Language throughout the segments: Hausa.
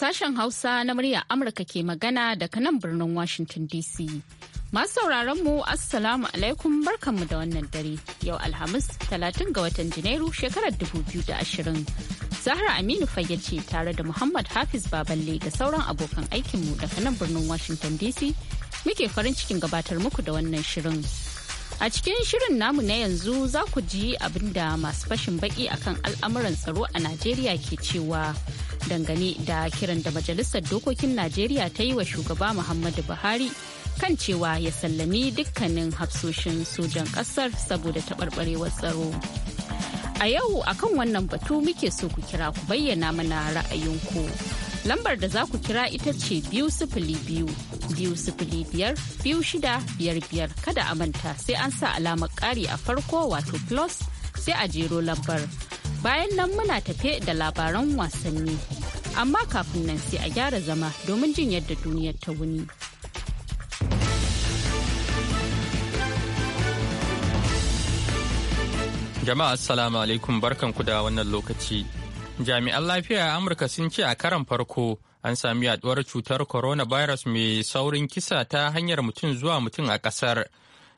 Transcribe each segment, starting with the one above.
Sashen Hausa na murya Amurka ke magana daga nan birnin Washington DC. Masu sauraron mu Assalamu alaikum barkanmu da wannan dare. Yau Alhamis 30 ga watan Janairu shekarar 2020. Zahra Aminu fayyace tare da Muhammad Hafiz Baballe da sauran abokan aikinmu daga nan birnin Washington DC muke farin cikin gabatar muku da wannan shirin. A cikin shirin namu na yanzu za ku ji abin da masu fashin baki akan al'amuran tsaro a Najeriya ke cewa dangane da kiran da Majalisar Dokokin Najeriya ta yi wa shugaba Muhammadu Buhari kan cewa ya sallami dukkanin hafsoshin sojan ƙasar saboda taɓarɓarewar tsaro. A yau akan wannan batu muke so ku kira ku bayyana mana ra'ayinku. Lambar da za ku kira ita ce biyu sifili biyu biyu sifili biyar biyu shida biyar biyar kada a manta sai an sa alamar ƙari a farko wato plus sai a jero lambar. Bayan nan muna tafe da labaran wasanni. Amma kafin nan sai a gyara zama domin jin yadda duniyar ta wuni. Jama'a assalamu alaikum barkanku da wannan lokaci. Jami'an lafiya a Amurka sun ce a karan farko an sami yaduwar cutar corona virus mai saurin kisa ta hanyar mutum zuwa mutum a kasar.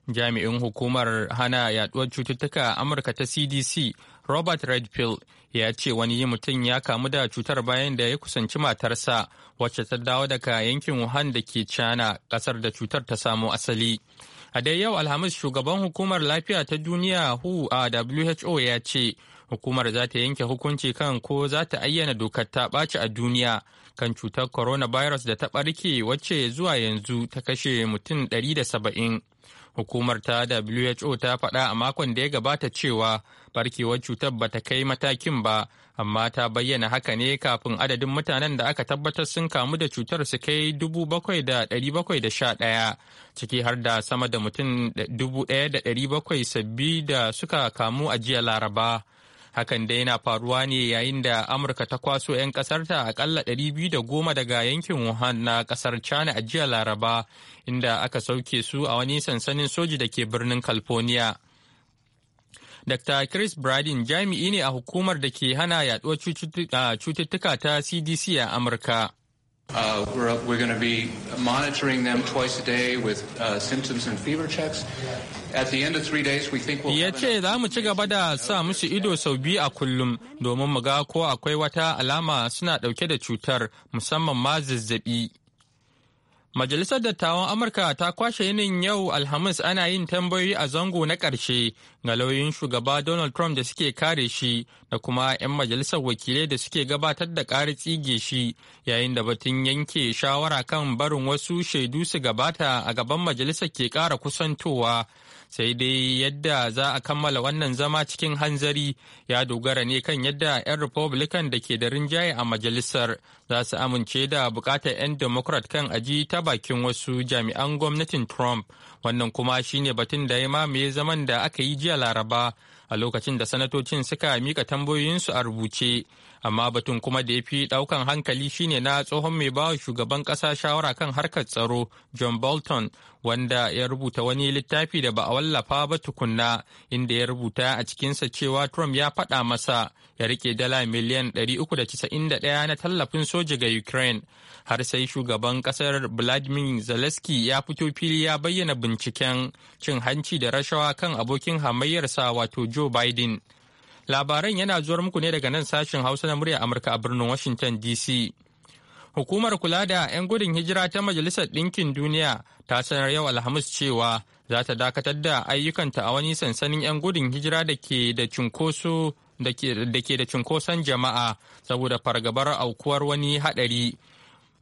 Jami'in hukumar hana yaduwar cututtuka a Amurka ta CDC Robert Redfield ya ce wani yi mutum ya kamu da cutar bayan da ya kusanci matarsa wacce ta dawo daga yankin Wuhan da ke China kasar da cutar ta samo asali. A dai yau Alhamis shugaban hukumar lafiya ta duniya WHO ya ce hukumar za ta yanke hukunci kan ko za ta ayyana dokar ta ɓaci a duniya kan cutar coronavirus da ta ɓarke wacce zuwa yanzu ta kashe mutum 170. Hukumar ta WHO ta faɗa a makon da ya gabata cewa barkewar cutar ba ta kai matakin ba, amma ta bayyana haka ne kafin adadin mutanen da aka tabbatar sun kamu da cutar su kai 7,711 ciki har da sama da mutum 1,700 sabbi da suka kamu a jiya Laraba. hakan dai yana faruwa ne yayin da amurka ta kwaso 'yan kasarta akalla 210 daga yankin wuhan na kasar china a jiya laraba inda aka sauke su a wani sansanin soji da ke birnin california Dr. Chris Bradin jami'i ne a hukumar da ke hana yaduwar cututtuka ta CDC a Amurka. Uh, we're we're going to be monitoring them twice a day with uh, symptoms and fever checks. At the end of three days, we think we'll. Ya za mu ci gaba da sa musu ido sau biyu a kullum domin mu ga ko akwai wata alama suna ɗauke da cutar musamman ma zazzabi Majalisar Dattawan Amurka ta kwashe yinin yau Alhamis ana yin tambayoyi a zango na ƙarshe ga lauyoyin shugaba Donald Trump da suke kare shi da kuma 'yan majalisar wakilai da suke gabatar da ƙari tsige shi yayin da batun yanke shawara kan barin wasu shaidu su gabata a gaban majalisar ke ƙara kusantowa sai dai yadda za a kammala wannan zama cikin hanzari ya dogara ne kan yadda 'yan republican da ke da rinjaye a majalisar za su amince da bukatar 'yan democrat kan aji ta bakin wasu jami'an gwamnatin trump wannan kuma shine batun da ya mamaye zaman da aka yi jiya laraba a lokacin da sanatocin suka mika tambayoyinsu a rubuce amma batun kuma da ya fi ɗaukan hankali shine na tsohon mai bawa shugaban ƙasa shawara kan harkar tsaro john bolton wanda ya rubuta wani littafi da ba a wallafa ba tukunna inda ya rubuta a cikinsa cewa Trump ya faɗa masa ya rike dala miliyan 391 na tallafin soja ga Ukraine. Har sai shugaban ƙasar Vladimir Zelensky ya fito fili ya bayyana binciken cin hanci da rashawa kan abokin hamayyarsa wato Joe Biden. Labaran yana zuwar muku ne daga nan sashen Hausa na murya Amurka a birnin Washington DC. Hukumar kula da 'yan gudun hijira ta Majalisar Ɗinkin Duniya ta sanar yau Alhamis cewa za ta dakatar da ayyukanta a wani sansanin 'yan gudun hijira da ke da cunkoso da ke da cunkoson jama'a saboda fargabar aukuwar wani haɗari.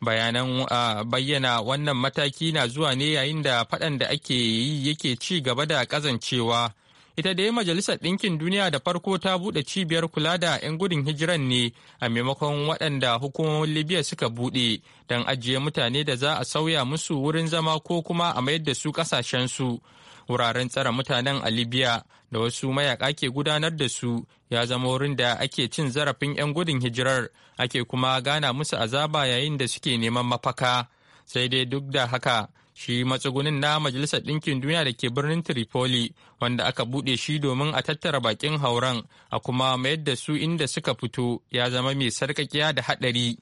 Bayanan bayyana wannan mataki na zuwa ne yayin da faɗan da ake yi yake ci gaba da ƙazancewa. ita dai majalisar ɗinkin duniya da farko ta buɗe cibiyar kula da 'yan gudun hijiran ne a maimakon waɗanda hukumomin libya suka buɗe don ajiye mutane da za a sauya musu wurin zama ko kuma a mayar da su ƙasashensu wuraren tsare mutanen a libya da wasu mayaka ke gudanar da su ya zama wurin da ake cin zarafin 'yan gudun hijirar ake kuma gana musu azaba yayin da suke neman mafaka sai dai duk da haka shi matsugunin na Majalisar Ɗinkin Duniya da ke birnin Tripoli wanda aka buɗe shi domin a tattara bakin hauran a kuma mayar da su inda suka fito ya zama mai sarƙaƙiya da haɗari.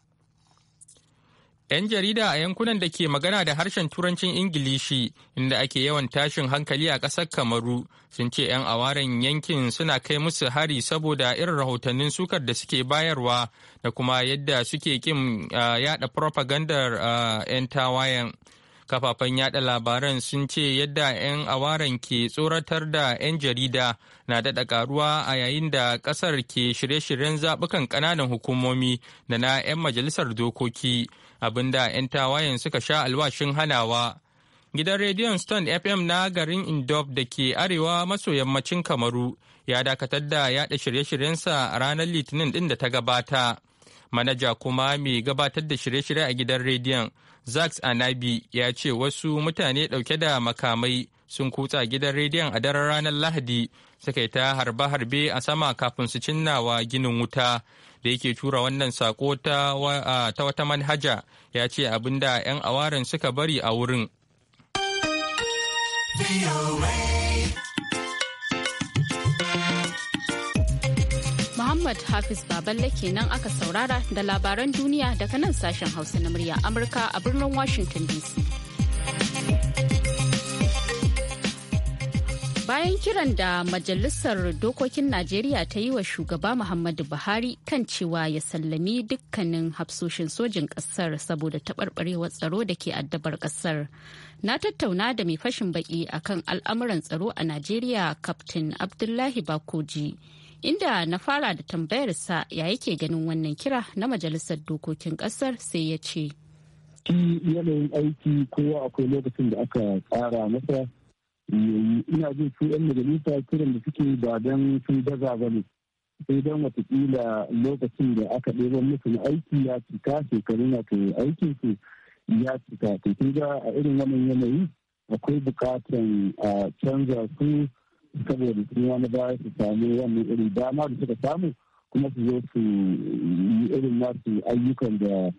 'Yan jarida a yankunan da ke magana da harshen Turancin Ingilishi inda ake yawan tashin hankali a ƙasar Kamaru sun ce 'yan awaren yankin suna kai musu hari saboda irin rahotannin sukar da suke bayarwa da kuma yadda suke kin ah, yada propagandar ah, 'yan tawayen. kafafen yada labaran sun ce yadda 'yan awaren ke tsoratar da 'yan jarida na daɗa karuwa a yayin da ƙasar ke shirye-shiryen zaɓukan ƙananan hukumomi da na 'yan majalisar dokoki abinda 'yan tawayen suka sha alwashin hanawa gidan rediyon stone fm na garin indop da ke arewa maso yammacin kamaru ya dakatar da yaɗa shirye-shiryensa a ranar litinin ɗin da ta gabata manaja kuma mai gabatar da shirye-shirye a gidan rediyon Zax Anabi ya ce wasu mutane ɗauke da makamai sun kutsa gidan rediyon a daren ranar Lahadi suka yi ta harbe-harbe a sama kafin su cinnawa ginin wuta da yake tura wannan sako ta wata manhaja ya ce abin da 'yan awarin suka bari a wurin. Muhammad Hafiz Baballe kenan aka saurara da labaran duniya daga nan sashen Hausa na murya Amurka a birnin Washington DC. Bayan kiran da Majalisar Dokokin Najeriya ta yi wa shugaba Muhammadu Buhari kan cewa ya sallami dukkanin hafsoshin sojin ƙasar saboda taɓarɓarewar tsaro da ke addabar ƙasar. Na tattauna da mai fashin baƙi akan al'amuran tsaro a Najeriya, Kaftin Abdullahi Bakoji. inda na fara da tambayarsa ya yake ganin wannan kira na majalisar dokokin kasar sai ya ce yanayin aiki kowa akwai lokacin da aka tsara masa ina jin su 'yan majalisa kiran da suke ba don sun daga ba ne sai don watakila lokacin da aka ɗeba musu na aiki ya cika shekaru na ke aikin su ya cika to kun ga a irin wannan yanayi akwai bukatan a canza su saboda sun wani baya su samu wannan irin dama da suka samu kuma su zo su yi irin nasu ayyukan da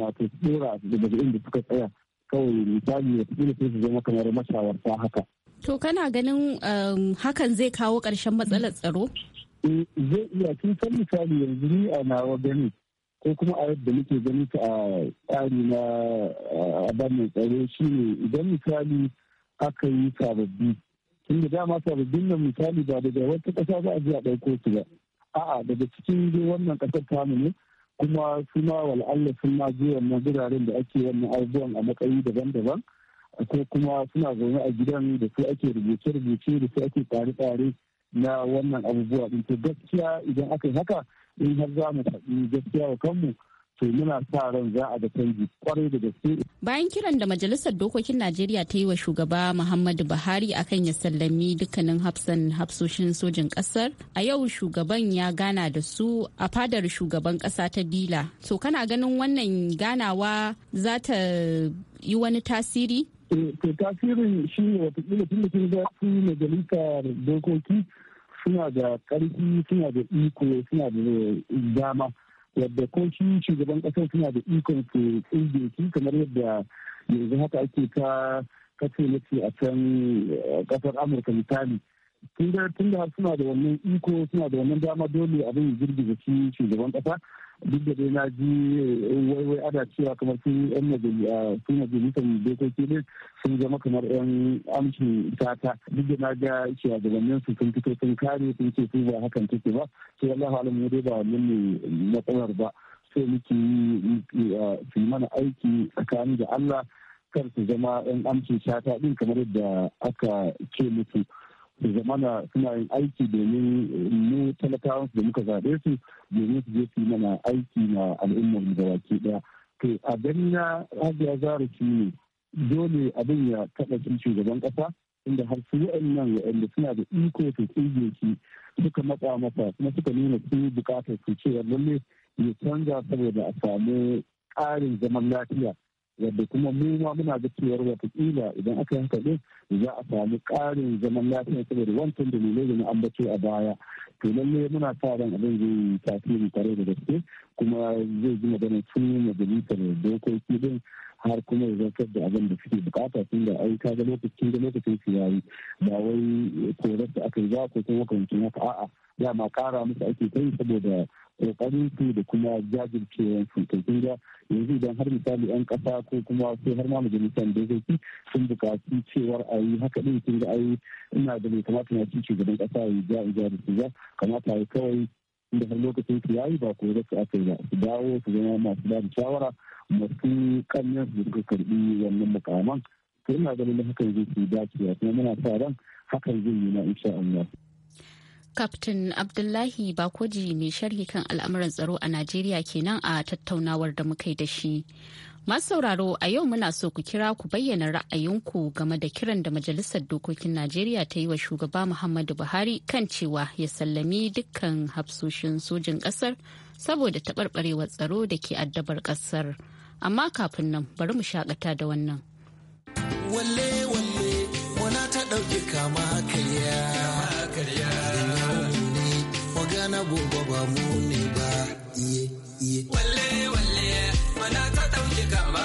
wato tsora daga inda suka tsaya kawai misali ya fi sai su zama kamar mashawarta haka. To kana ganin um, hakan zai kawo ƙarshen matsalar tsaro? Eh, zai iya kin san misali yanzu ni a nawa gani ko kuma a yadda muke gani ta a tsari na mai tsaro shine idan misali aka yi sababbi da dama sababbin da misali ba daga wata ƙasa za a ji a ɗauko su ba a'a daga cikin wannan ƙasar tamu ne kuma suna wal'alla sun ma ji wannan guraren da ake wannan abubuwan a matsayi daban-daban ko kuma suna zaune a gidan da su ake rubuce-rubuce da su ake tsare-tsare na wannan abubuwa din to gaskiya idan aka yi haka in har za mu faɗi gaskiya wa kanmu to muna sa ran za a da canji kwarai da gaske. Bayan kiran da Majalisar Dokokin Najeriya ta yi wa shugaba Muhammadu Buhari akan ya sallami dukkanin hafsan hafsoshin sojin kasar, a yau shugaban ya gana da su a fadar shugaban kasa ta dila To kana ganin wannan ganawa za ta yi wani tasiri? Ke eh, tasirin shi ne watakila tun da tun da su majalisar dokoki suna da ƙarfi suna da iko suna da dama. yadda ko shi shugaban ƙasar suna da ikon su tsirge shi kamar yadda yanzu haka ake ta kace mace a can eh, ƙasar amurka misali tun da suna da wannan iko suna da wannan dama dole abin girgiza shi shugaban kasa duk da dai na ji eh, waiwai ada cewa kamar sun yan ah, majalisar dokoki ne sun zama kamar yan amshin tata duk da na ga cewa gabanin su sun fito sun kare sun ce su ba hakan take ba sai Allah alamu dai ba wannan ne matsalar ba sai muke yi ah, su mana aiki tsakanin da Allah kar su zama yan amshin tata din kamar yadda aka ce mutu. su zamana suna yin aiki domin mu talakawan da muka zaɓe su domin su je su yi mana aiki na al'ummar mu gabaki ɗaya to a gani na hajiya Zaro shi ne dole abin ya taɓa cin shugaban ƙasa inda har su wa'annan wa'anda suna da iko su tsige shi suka matsa masa kuma suka nuna su bukatar su cewa lalle ya canza saboda a samu ƙarin zaman lafiya wadda kuma mu ma muna ga cewar watakila idan aka yi haka din za a samu ƙarin zaman lafiya saboda wancan da dalilai da na ambace a baya to lalle muna sa ran abin zai tasiri tare da gaske kuma zai ji magana tun majalisar dokoki din har kuma ya zartar da abin da suke bukata tun da ai ka ga lokacin da lokacin su yayi ba wai korar da aka yi za ko kuma kamcin haka a'a dama kara musu ake kai saboda kokarin su da kuma jajircewan su to kun yanzu idan har misali yan ƙasa ko kuma sai har ma majalisar fi sun bukaci cewar a yi haka din kun ga ai ina da bai kamata na ci shugaban kasa ya ja ja da su ba kamata ya kawai inda har lokacin su yayi ba ko su aka yi su dawo su zama masu ba da shawara masu kanyar su suka karbi wannan mukaman to ina ganin hakan zai su dacewa kuma muna sa ran hakan zai yi na insha Allah Kaftin Abdullahi Bakoji mai sharhi kan al'amuran tsaro a Najeriya kenan a tattaunawar da muka yi da shi. Masu sauraro a yau muna so ku kira ku bayyana ra'ayinku game da kiran da Majalisar Dokokin Najeriya ta yi wa shugaba Muhammadu Buhari kan cewa ya sallami dukkan hafsoshin sojin ƙasar saboda taɓarɓarewar tsaro da ke addabar ƙasar. Amma kafin nan bari mu shakata da wannan. Walle walle wana ta ɗauke kama kai. gobe ba mu ne ba iye iye walle walle mana ta dauki kama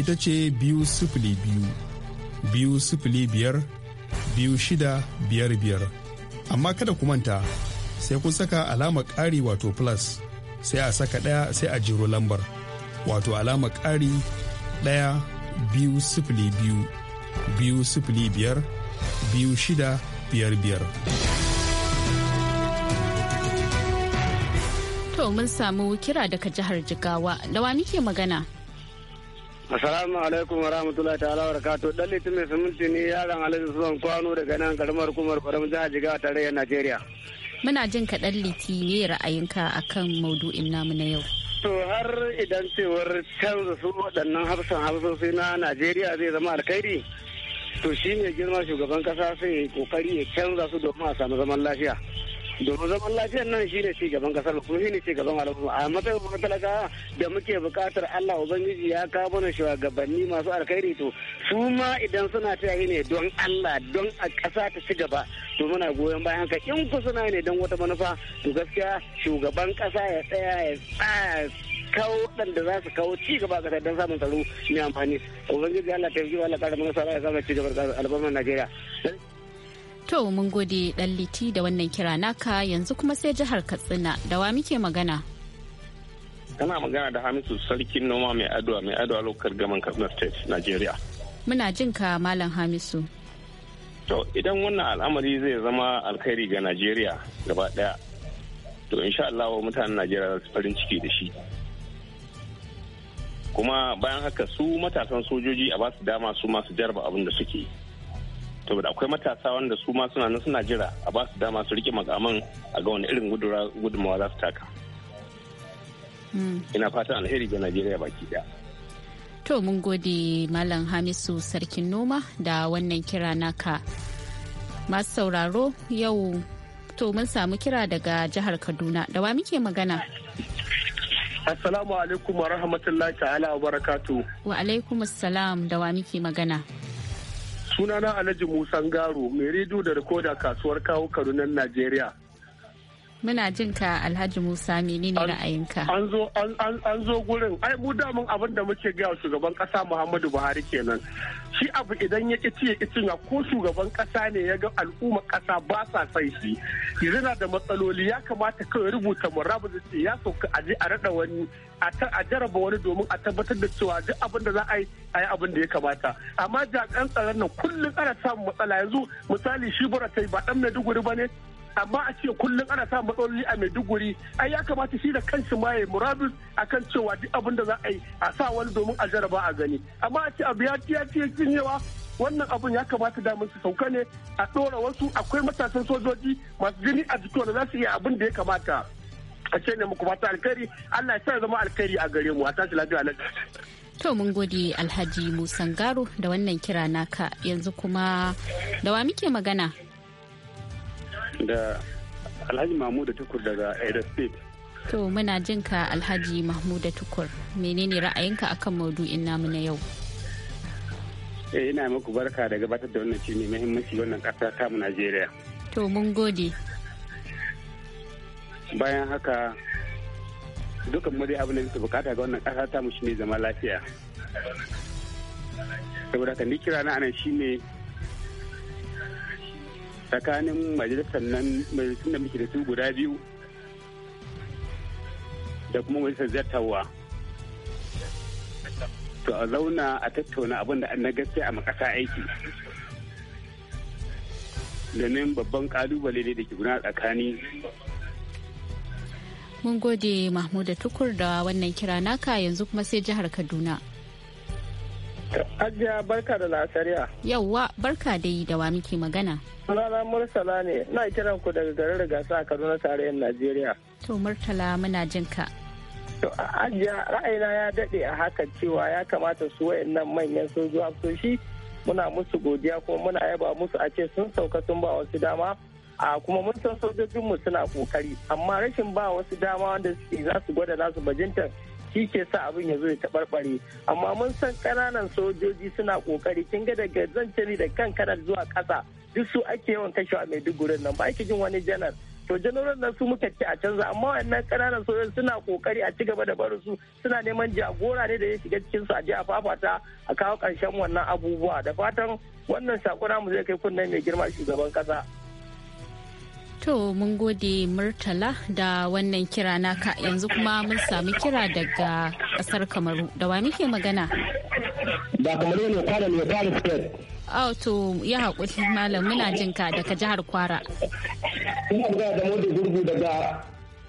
ita ce biyu sifili biyu biyu sifili biyar biyu shida biyar biyar amma kada ku manta sai kun saka alama ƙari wato plus sai a saka ɗaya sai a jiro lambar wato alama ƙari ɗaya biyu sifili biyu biyu sifili biyar biyu shida biyar biyar. To mun samu kira daga jihar Jigawa da wa muke magana? Assalamu alaikum wa rahmatullahi ta'ala wa barakatu. Dan mai siminti ne yaron Alhaji Suwan Kwano daga nan karamar kumar kwaram jihar Jigawa tarayyar Najeriya. Muna jin ka dan liti ne ra'ayinka a akan maudu'in namu na yau. To har idan cewar canza su waɗannan hafsan hafsosi na Najeriya zai zama alkhairi. To shi ne girma shugaban kasa sai ya kokari ya canza su domin a samu zaman lafiya. domin zaman lafiyar nan shi ne shugaban kasar kuma shi ne shugaban al'umma a matsayin kuma talaka da muke buƙatar Allah ubangiji ya kawo mana shugabanni masu alkhairi to su ma idan suna ta yi ne don Allah don a ƙasa ta ci gaba to muna goyon bayan ka in ku suna ne don wata manufa to gaskiya shugaban ƙasa ya tsaya ya tsaya kawo waɗanda za su kawo ci gaba ga don samun tsaro mai amfani ubangiji Allah ta yi Allah ƙara mana sara ya samu ci gaba al'ummar Najeriya To mun gode ɗan da wannan kira naka yanzu kuma sai jihar Katsina da wa muke magana. Kana magana da Hamisu sarkin noma mai adwa mai adwa lokar gaman Katsina State, Nigeria. Muna jin ka Malam Hamisu. To idan wannan al'amari zai zama alkhairi ga Najeriya gaba ɗaya. To insha Allah mutanen Najeriya za su farin ciki da shi. Kuma bayan haka su matasan sojoji a ba su dama su masu jarba abin da suke yi. saboda akwai matasa wanda su ma suna nan suna jira a ba su dama su rike makaman a ga wani irin gudunmawa za su taka hmm. ina fatan alheri ga najeriya baki daya to mun gode malam hamisu sarkin noma da wannan kira naka masu sauraro yau to mun samu kira daga jihar kaduna da wa muke magana assalamu alaikum wa rahmatullahi ta'ala wa barakatu wa alaikum assalam da wa muke magana sunana alhaji musan garo mai rediyo da rikoda kasuwar kawo kadunan najeriya Muna jin ka Alhaji Musa menene ra'ayinka? An zo an zo gurin ai mu damun abin da muke gaya shugaban kasa Muhammadu Buhari kenan. Shi abu idan ya ci ya ci ko shugaban kasa ne ya ga al'umma kasa ba sa sai shi. Yanzu na da matsaloli ya kamata kawai rubuta rabu da ce ya sauka a je a rada wani a jaraba wani domin a tabbatar da cewa duk abin da za a yi a yi abin da ya kamata amma jakan tsaron nan kullum ana samun matsala yanzu misali shi bura ta ba dan maiduguri ba ne amma a ce kullum ana sa matsaloli a maiduguri ai ya kamata shi da kansu ma ya a akan cewa duk abin da za a yi a sa wani domin a jaraba a gani amma a ce abu ya ci ya ci cinyewa wannan abun ya kamata da su sauka ne a ɗora wasu akwai matasan sojoji masu jini a jiki da za su iya abin da ya kamata a ce ne muku fata alkhairi Allah ya sa zama alkhairi a gare mu a tashi lafiya na To mun gode Alhaji Musangaro da wannan kira naka yanzu kuma da wa muke magana? da alhaji da tukur daga state. to muna jinka Alhaji mahmud da tukur menene ra'ayinka akan maudu'in namu na yau eh ina muku barka da gabatar da wannan shi ne muhimmanci wannan kasa ta mu najeriya to mun gode bayan haka dukan mu dai abin da muke bukata ga wannan kasa ta mu ne zama lafiya saboda kan ni kira na anan shi ne. tsakanin majalisar nan majalisun da muke da su guda biyu da kuma majalisar zartawa to a zauna a tattauna abin da an na gaskiya a makasa aiki domin babban kalubale ne da ke guna tsakani mun gode mahmud da tukur da wannan kira naka yanzu kuma sai jihar kaduna Ajiya barka da lasariya. Yawwa barka dai da wa muke magana. Sunana Murtala ne, na kiran ku daga garin Rigasa a Kaduna tarayyar Najeriya. To Murtala muna jin ka. To ajiya ra'ayina ya daɗe a haka cewa ya kamata su wayannan manyan sojoji hafsoshi muna musu godiya kuma muna yaba musu a ce sun sauka sun ba wasu dama a kuma mun san sojojinmu suna kokari amma rashin ba wasu dama wanda suke za su gwada nasu bajintar shi ke sa abin ya zo ya taɓarɓare amma mun san ƙananan sojoji suna ƙoƙari kin ga daga zanciri da kan kanar zuwa ƙasa duk su ake yawan kashewa mai dugurin nan ba ake jin wani janar to janaral nan su muka ce a canza amma wannan ƙananan sojoji suna ƙoƙari a ci gaba da barin su suna neman jagora ne da ya shiga cikin su a je a fafata a kawo ƙarshen wannan abubuwa da fatan wannan shakura mu zai kai kunnen mai girma shugaban ƙasa. To mun gode Murtala da wannan kira naka yanzu kuma mun sami kira daga kasar Kamaru da wa muke magana? Da Kamaru ne kwara ne kwara state. Oh to ya haƙuri malam muna jin ka daga jihar Kwara. Ina magana da Modi Gurgu daga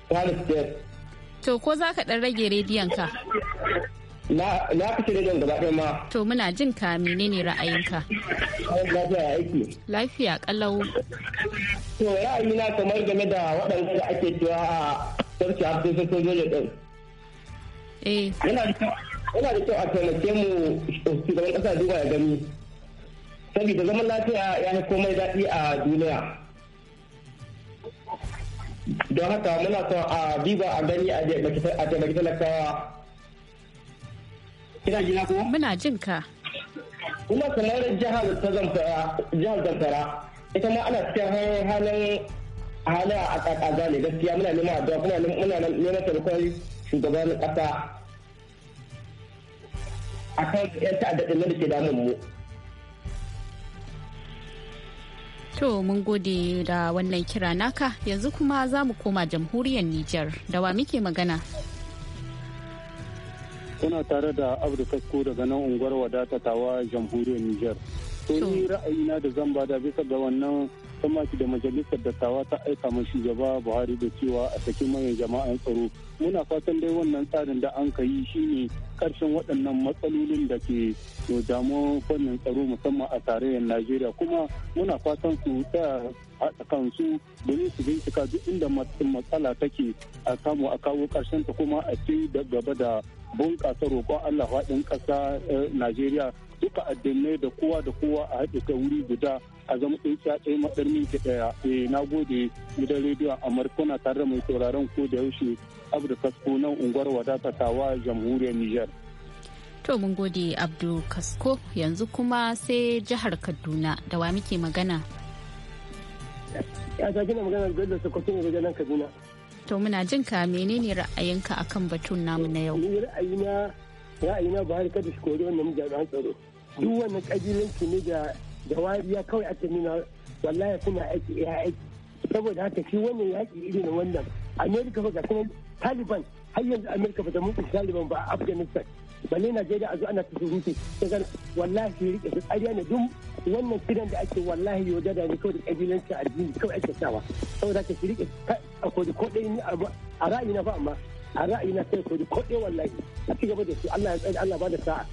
Kwara state. To ko za ka ɗan rage rediyon ka? Na fice rediyon gaba ɗaya ma. To muna jin ka menene ra'ayinka? Lafiya aiki. Lafiya kalau. To na kamar game da waɗansu da ake cewa a sarki Abdul zoje ɗin. Eh. Yana da kyau a taimake mu shugaban ƙasa duba ya gani. Saboda zaman lafiya ya fi komai daɗi a duniya. Don haka muna son a diba a gani a taimaki talakawa Kina jina kuma? Muna jin ka. Kuma kamar jihar ta Zamfara, jihar Zamfara, ita ma ana cikin halin halin a kakaza ne gaskiya muna neman addu'a muna neman taimakon shugaban kasa a kan yan ta'addadin da ke damun mu. To mun gode da wannan kira naka yanzu kuma za mu koma jamhuriyar Nijar da wa muke magana. Kuna tare da Abdu Kasko daga nan unguwar wadatatawa jamhuriyar Nijar. To ni na da zan bada bisa ga wannan samaki da majalisar dattawa ta aika ma shugaba buhari da cewa a saki manyan jama'an tsaro muna fatan dai wannan tsarin da an ka yi shine karshen waɗannan matsalolin da ke damu fannin tsaro musamman a tarayyar najeriya kuma muna fatan su tsaya haɗa kansu domin su bincika duk inda matsala take a samu a kawo ƙarshen ta kuma a ce da gaba da bunƙasa roƙon allah faɗin ƙasa eh, najeriya duka addinai da kowa da kowa a haɗe ka wuri guda a zama tsintsiya ɗaya maɗar minti ɗaya eh na gode gidan rediyon amurka na tare da mai sauraron ko da yaushe abu da kasko nan unguwar wadata tawa jamhuriyar niger To mun gode Abdu Kasko yanzu kuma sai jihar Kaduna da wa muke magana. Ya ta gina magana da Sokoto ne da nan Kaduna. To muna jin ka menene ra'ayinka akan batun namu na yau? Ni ra'ayina ra'ayina Buhari kada shi kori wannan jami'an tsaro. duk wani kabilanci ne da da wariya kawai ake nuna wallahi suna aiki ya aiki saboda haka shi wannan yaki irin wannan amerika ga kuma taliban har yanzu amerika ba ta mutu taliban ba a afghanistan balle najeriya a zo ana ta surutu daga wallahi su rike su tsariya ne duk wannan kiran da ake wallahi yaudara ne kawai da kabilanci addini kawai ake sawa saboda haka su rike a kodi ko ɗaya a ra'ayi na ba amma a ra'ayi na sai kodi ko ɗaya wallahi a ci gaba da su allah ya tsare allah ba da sa'a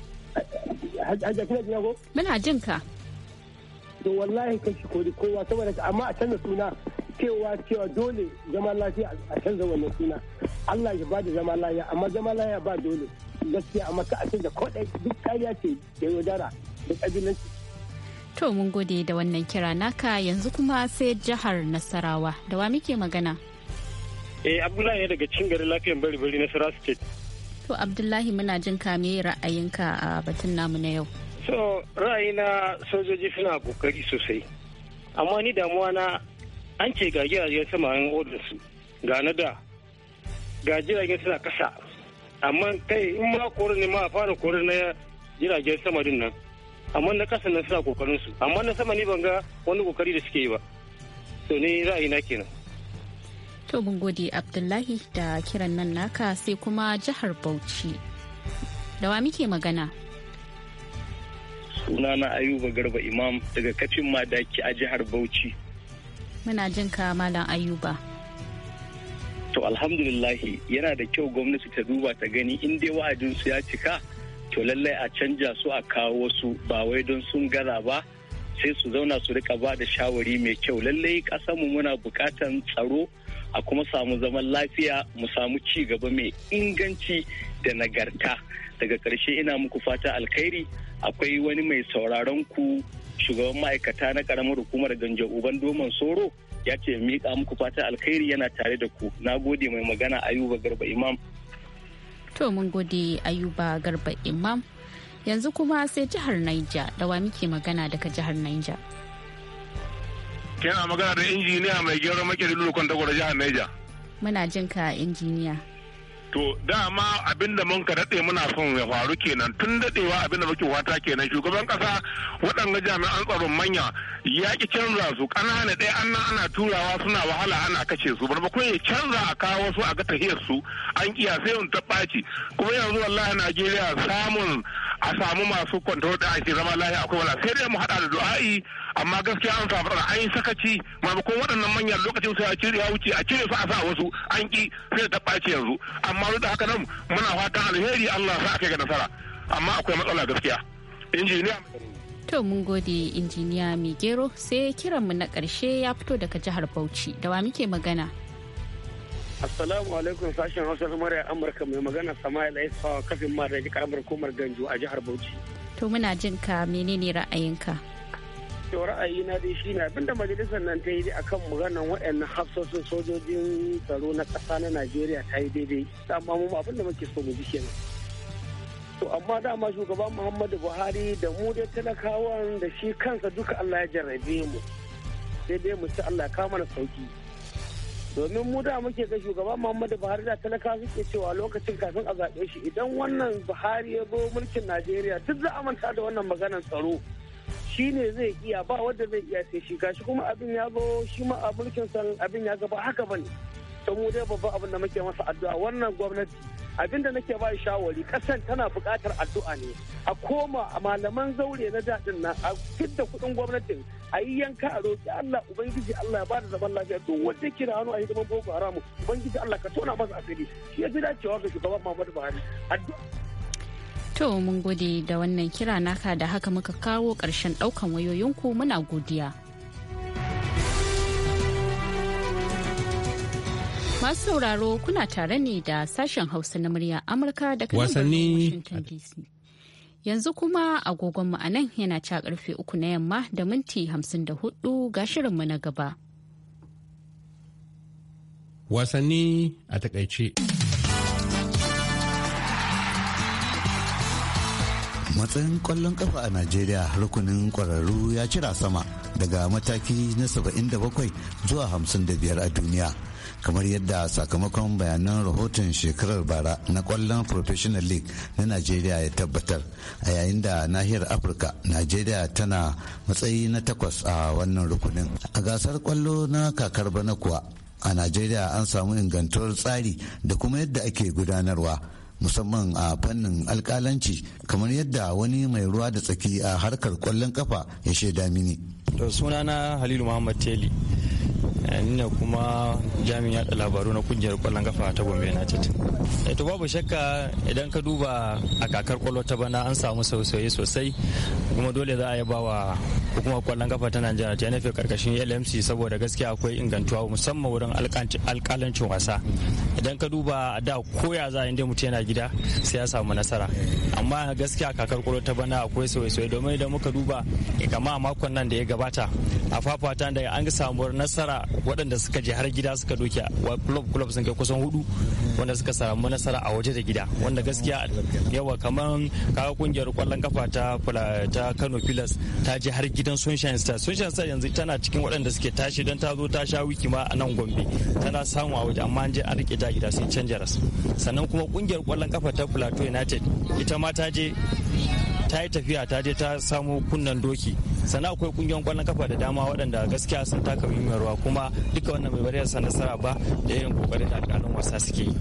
hajja kina ko muna jin ka to wallahi kan shi kori kowa saboda amma a canza suna cewa cewa dole zama lafiya a canza wannan suna Allah ya ba da zama lafiya amma zama lafiya ba dole gaskiya amma ka a canza kodai duk kariya ce da yaudara da ƙabilanci. to mun gode da wannan kira naka yanzu kuma sai jihar Nasarawa da wa muke magana eh Abdullahi daga cikin garin lafiyan bari bari Sarawa state To Abdullahi muna jin kame ra'ayinka a batun namu na yau. So ra'ayina sojoji suna kokari sosai. Amma ni damuwa na an ce ga jiragen sama an odinsu ga na da ga jiragen suna kasa. Amma kai in ma kori ne ma a fara kori na jiragen sama din nan. Amma na kasa nan suna kokarin su. Amma na sama ni ban ga wani kokari da suke yi ba. To ni ra'ayina kenan. To mun gode Abdullahi da kiran nan naka sai kuma jihar Bauchi. Da wa muke magana? Sunana Ayuba Garba Imam daga kafin madaki a jihar Bauchi. Muna jin ka Malam Ayuba. To alhamdulillahi yana da kyau gwamnati ta duba ta gani in dai su ya cika to lallai a canja su a kawo wasu ba wai don sun gaza ba. sai su zauna su rika ba da shawari mai kyau lallai kasanmu muna bukatan tsaro a kuma samu zaman lafiya mu samu ci gaba mai inganci da nagarta daga ƙarshe ina muku fata alkhairi akwai wani mai sauraron ku shugaban ma'aikata na karamar hukumar ganja uban doman soro ya ce miƙa muku fata alkhairi yana tare da ku na gode mai magana ayuba garba imam to mun gode ayuba garba imam yanzu kuma sai jihar naija da muke magana daga jihar naija Kina magana da injiniya mai gyaran makeri lulu kwanta gwada jihar Neja. Muna jin ka injiniya. To dama abinda mun ka daɗe muna son ya faru kenan tun daɗewa abinda muke wata kenan shugaban ƙasa waɗanga jami'an tsaron manya ya ki canza su ƙanana ɗaya an ana turawa suna wahala ana kashe su bar ya canza a kawo su a ga tahiyar su an kiya sai ta ɓaci kuma yanzu wallahi Najeriya samun a samu masu kwantar da ake zama lahiya akwai wala sai dai mu hada da du'a'i amma gaskiya an samu an yi sakaci maimakon waɗannan manyan lokacin sai a cire ya wuce a cire su a sa wasu an ki sai da yanzu amma duk da haka nan muna fatan alheri Allah sa aka ga nasara amma akwai matsala gaskiya injiniya To mun gode injiniya mai gero sai kiranmu na karshe ya fito daga jihar Bauchi da wa muke magana. Assalamu alaikum sashen Hausa na murya Amurka mai magana Sama'il Aisha kafin ma da jikar Amurka Umar Ganju a jihar Bauchi. To muna jin ka menene ra'ayinka? To na dai shine abinda majalisar nan ta yi dai akan maganar waɗannan hafsoshin sojojin tsaro na ƙasa na Najeriya ta yi daidai. Amma mu abinda muke so mu ji kenan. To amma dama shugaban Muhammadu Buhari da mu dai talakawan da shi kansa duka Allah ya jarrabe mu. Sai dai mu ci Allah ya kawo mana sauki. domin mu da muke ga shugaban muhammadu buhari da talaka suke cewa lokacin kafin a zaɓe shi idan wannan buhari ya zo mulkin najeriya duk za a manta da wannan maganar tsaro shi ne zai iya ba wanda zai iya sai shi gashi kuma abin ya zo shi ma a mulkin san abin ya gaba haka bane to mu dai babban abin da muke masa addu'a wannan gwamnati abin da nake ba shawari kasan tana buƙatar addu'a ne a koma a malaman zaure na daɗin nan a fidda kuɗin gwamnatin a yi yanka a roƙi Allah ubangiji Allah ya ba da zaman lafiya to wanda yake da hannu a hidiman boko haram ubangiji Allah ka tona masa asiri shi ya fi dacewa ga shugaban Muhammadu Buhari addu'a To mun gode da wannan kira naka da haka muka kawo ƙarshen ɗaukan wayoyinku muna godiya. Masu sauraro kuna tare ne da sashen Hausa na murya Amurka daga wasanni Yanzu kuma agogonmu a nan yana ca karfe uku na yamma da minti hamsin da hudu ga shirinmu na gaba. Wasanni a takaice. matsayin kwallon kafa a najeriya rukunin kwararru ya cira sama daga mataki na 77 zuwa 55 a duniya kamar yadda sakamakon bayanan rahoton shekarar bara na kwallon professional league na najeriya ya tabbatar a yayin da nahiyar afirka najeriya tana matsayi na takwas a wannan rukunin a gasar kwallo na kakar bana kuwa a najeriya an samu ingantuwar tsari da kuma yadda ake gudanarwa musamman a fannin alkalanci kamar yadda wani mai ruwa da tsaki a harkar kwallon kafa ya shaida mini sunana halilu muhammad teli ni ne kuma jami'in labaru na kungiyar kwallon kafa ta Gombe United. Eh, to babu shakka idan ka duba a kakar kwallo ta bana an samu sauye sosai kuma dole za a yaba wa hukumar kwallon kafa ta Najeriya ta nufi karkashin LMC saboda gaskiya akwai ingantuwa musamman wurin alkalancin wasa. Idan ka duba da koya za a inda mutum yana gida sai ya samu nasara. Amma gaskiya kakar kwallo ta bana akwai sauye-sauye domin idan muka duba kama a makon nan da ya gabata a fafata da an samu nasara waɗanda suka je har gida suka doke club club sun kai kusan hudu wanda suka samu nasara a waje da gida wanda gaskiya yawa kamar kaga kungiyar kwallon kafa ta ta Kano Pillars ta je har gidan Sunshine Stars Sunshine Stars yanzu tana cikin waɗanda suke tashi don ta zo ta sha wiki ma a nan Gombe tana samu a waje amma an je an rike ta gida sai canja sannan kuma kungiyar kwallon kafa ta Plateau United ita ma ta je ta yi tafiya ta je ta samu kunnen doki sannan akwai kungiyoyin kwallon kafa da dama waɗanda gaskiya sun taka muhimmiyar rawa kuma duka wannan bai bari sa nasara ba da irin kokarin da alƙalin wasa suke yi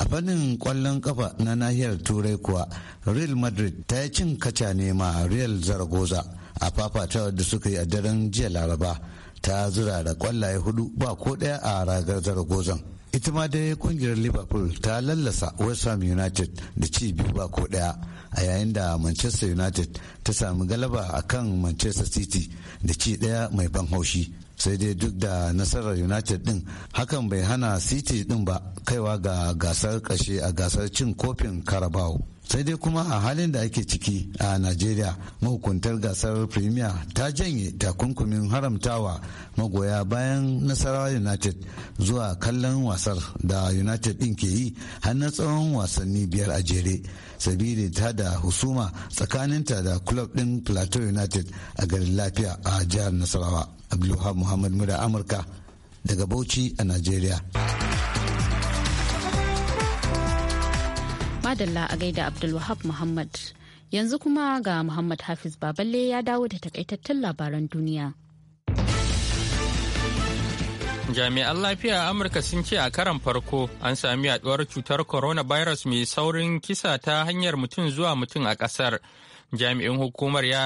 a fannin kwallon kafa na nahiyar turai kuwa real madrid ta yi cin kaca ne ma real zaragoza a fafatawar da suka yi a daren jiya laraba ta zura da kwallaye hudu ba ko daya a ragar zaragozan ita ma dai kungiyar liverpool ta lallasa west ham united da ci biyu ba ko daya a yayin da manchester united ta sami galaba a kan manchester city da ci daya mai ban haushi sai dai duk da nasarar united din hakan bai hana city din ba kaiwa ga gasar kashe a gasar cin kofin carabao sai dai kuma a halin da ake ciki a najeriya mahukuntar gasar premier ta janye takunkumin haramtawa magoya bayan nasarawa united zuwa kallon wasar da united din ke yi har tsawon wasanni biyar a jere sabili ta da husuma tsakaninta da club din plateau united a garin lafiya a jihar nasarawa abdulhamid muhammad muda amurka daga bauchi a najeriya madalla a gaida Abdulwahab Muhammad. Yanzu kuma ga Muhammad Hafiz Baballe ya dawo da takaitattun labaran duniya. Jami'an lafiya a Amurka sun ce a karan farko an sami yaduwar cutar coronavirus mai saurin kisa ta hanyar mutum zuwa mutum a kasar Jami'in hukumar ya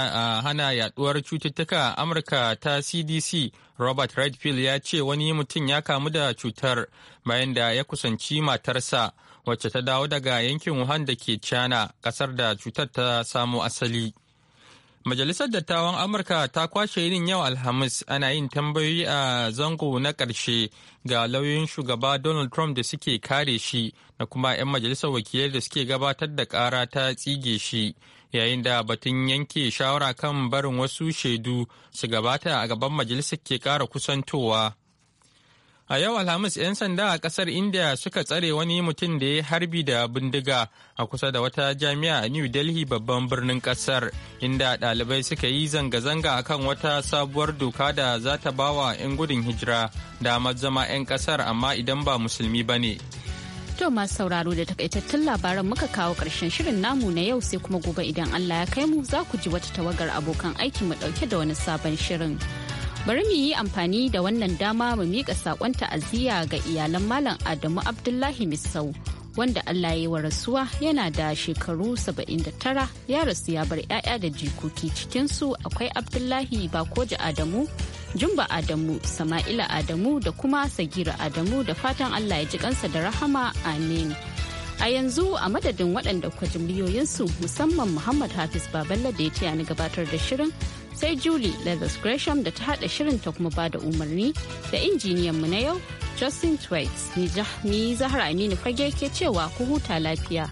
hana yaduwar cututtuka a Amurka ta CDC Robert Redfield ya ce wani mutum ya kamu da cutar bayan da ya kusanci matarsa. wacce ta dawo daga yankin Wuhan da ke China, kasar da cutar ta samo asali. Majalisar Dattawan Amurka ta kwashe yinin yau Alhamis ana yin tambayoyi a zango na ƙarshe ga lauyoyin shugaba Donald Trump da suke kare shi da kuma 'yan majalisar wakilai da suke gabatar da ƙara ta tsige shi yayin da batun yanke shawara kan barin wasu shaidu su gabata a gaban majalisar ke ƙara kusantowa. A yau Alhamis 'yan sanda a kasar India suka tsare wani mutum da ya harbi da bindiga a kusa da wata jami'a a New Delhi babban birnin kasar, inda ɗalibai suka yi zanga-zanga a kan wata sabuwar doka da za ta bawa 'yan gudun hijira damar zama 'yan kasar amma idan ba musulmi ba ne. To masu sauraro da takaitattun labaran muka kawo karshen shirin namu na yau sai kuma gobe idan Allah ya kai mu za ku ji wata tawagar abokan aiki mu ɗauke da wani sabon shirin. bari mu yi amfani da wannan dama mu miƙa saƙon ta'aziyya ga iyalan malam adamu abdullahi misau wanda allah ya yi wa rasuwa yana da shekaru 79 ya rasu ya bar 'ya'ya da jikoki cikinsu akwai abdullahi bakoji adamu jumba adamu sama'ila adamu da kuma sagira adamu da fatan allah ya ji kansa da rahama amin a yanzu a madadin waɗanda kwa musamman muhammad hafiz baballa da ya taya ni gabatar da shirin sai Julie Leathers Gresham da ta haɗa shirin ta kuma bada umarni da injiniyan mu na yau Justin Twaits ni Zahra Aminu fage ke cewa ku huta lafiya.